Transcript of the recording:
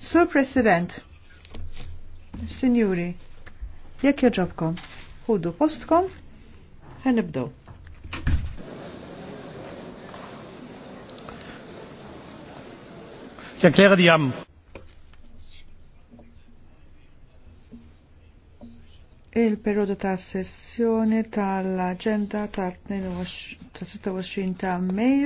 Sir President, Signori, jek joġobkom, Hudu postkom, ħanibdow. Ich erkläre die am il-periodu ta' sessjoni tal-agenda tal-26 ta' Mejju.